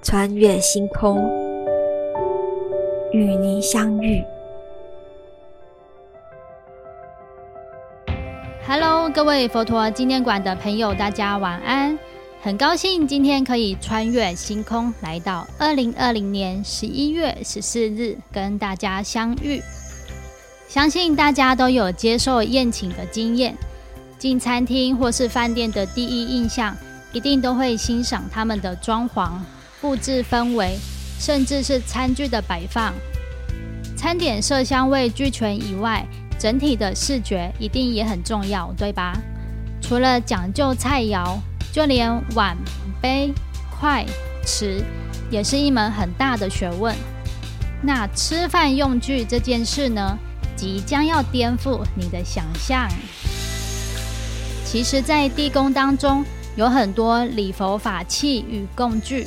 穿越星空，與您相遇。Hello，各位佛陀紀念館的朋友，大家晚安。很高興今天可以穿越星空，來到二零二零年十一月十四日跟大家相遇。相信大家都有接受宴請的經驗。進餐廳或是飯店的第一印象，一定都會欣賞他們的裝潢、布置氛圍，甚至是餐具的擺放。餐點色香味俱全以外，整體的視覺一定也很重要，對吧？除了講究菜餚，就連碗、杯、筷、匙也是一門很大的學問。那吃飯用具這件事呢，即將要顛覆你的想象。其實，在地宮當中有很多禮佛法器與供具。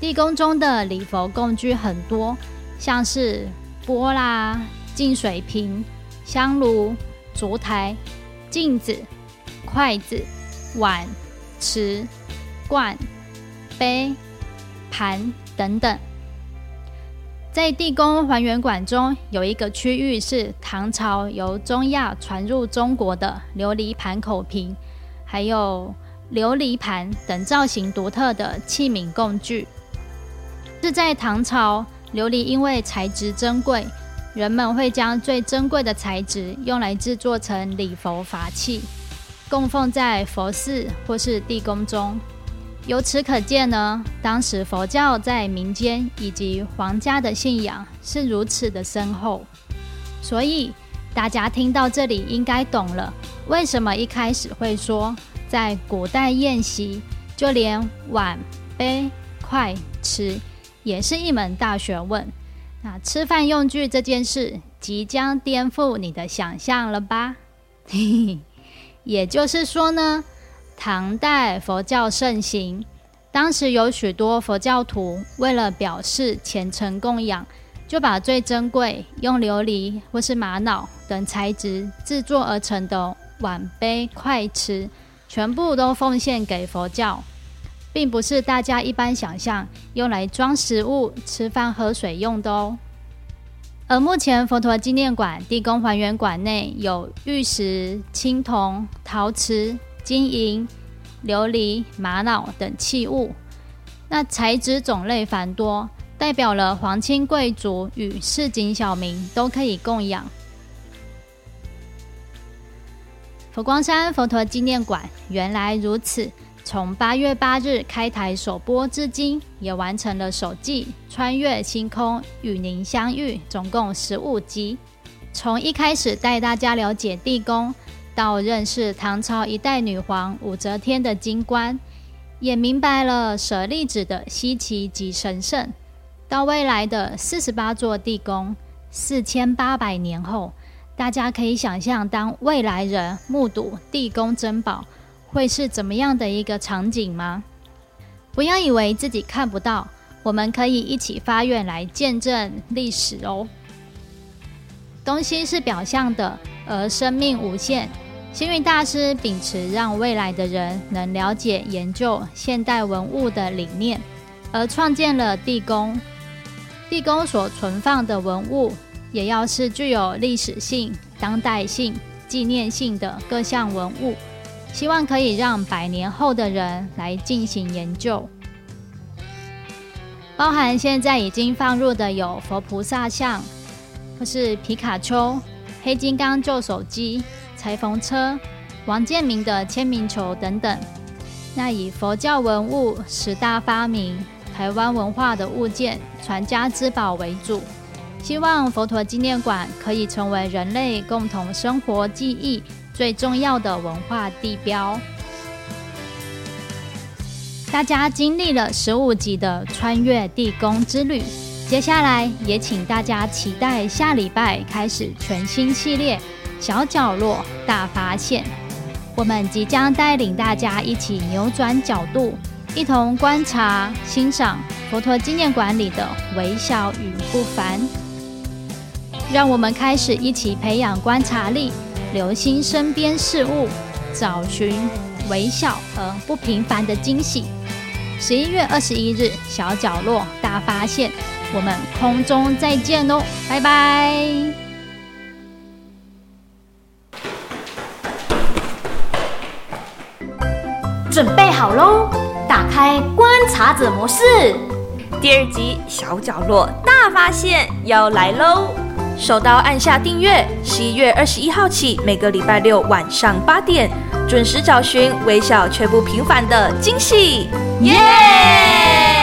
地宮中的禮佛供具很多，像是缽啦、淨水瓶、香爐、燭台、鏡子、筷子、筷子、碗、匙、罐、杯、盤等等。在地宮還原館中，有一個區域是唐朝由中亞傳入中國的琉璃盤口瓶，還有琉璃盤等造型獨特的器皿工具。是在唐朝，琉璃因為材質珍貴，人們會將最珍貴的材質用來製作成禮佛法器，供奉在佛寺或是地宮中。由此可見呢，當時佛教在民間以及皇家的信仰是如此的深厚，所以大家聽到這裡應該懂了，為什麼一開始會說在古代宴席，就連碗、杯、筷、匙也是一門大學問。那吃飯用具這件事即將顛覆你的想象了吧？嘿嘿，也就是說呢。唐代佛教盛行，當時有許多佛教徒為了表示虔誠供養，就把最珍貴用琉璃或是瑪瑙等材質制作而成的碗、杯、筷、匙，全部都奉獻給佛教，並不是大家一般想象用來裝食物、吃飯、喝水用的哦。而目前佛陀紀念館地宮還原館內有玉石、青銅、陶瓷。金銀、琉璃、瑪瑙等器物，那材質種類繁多，代表了皇親貴族與市井小民都可以供養。佛光山佛陀紀念館原來如此，從八月八日開台首播至今，也完成了首季《穿越星空與您相遇》，總共十五集，從一開始帶大家了解地宮。到認識唐朝一代女皇武則天的金冠，也明白了舍利子的稀奇及神聖。到未來的四十八座地宮，四千八百年後，大家可以想象，當未來人目睹地宮珍寶，會是怎麼樣的一個場景嗎？不要以為自己看不到，我們可以一起發願來見證歷史哦。東西是表象的，而生命無限。星雲大師秉持讓未來的人能了解研究現代文物的理念，而創建了地宮。地宮所存放的文物，也要是具有歷史性、當代性、紀念性的各項文物，希望可以讓百年後的人來進行研究。包含現在已經放入的有佛菩薩像，或是皮卡丘、黑金剛舊手機。台風車、王建民的簽名球等等，那以佛教文物、十大發明、台灣文化的物件、傳家之寶為主，希望佛陀紀念館可以成為人類共同生活記憶最重要的文化地標。大家經歷了十五集的穿越地宮之旅，接下來也請大家期待下禮拜開始全新系列。小角落大發現，我們即將帶領大家一起扭轉角度，一同觀察、欣賞佛陀紀念館裡的微笑與不凡。讓我們開始一起培養觀察力，留心身邊事物，找尋微笑而不平凡的驚喜。十一月二十一日，小角落大發現，我們空中再見嘍，拜拜。準備好嘍！打開觀察者模式。第二集小角落大發現要來嘍！手刀按下訂閱。十一月二十一號起，每個禮拜六晚上八點準時找尋微小卻不平凡的驚喜。耶！Yeah!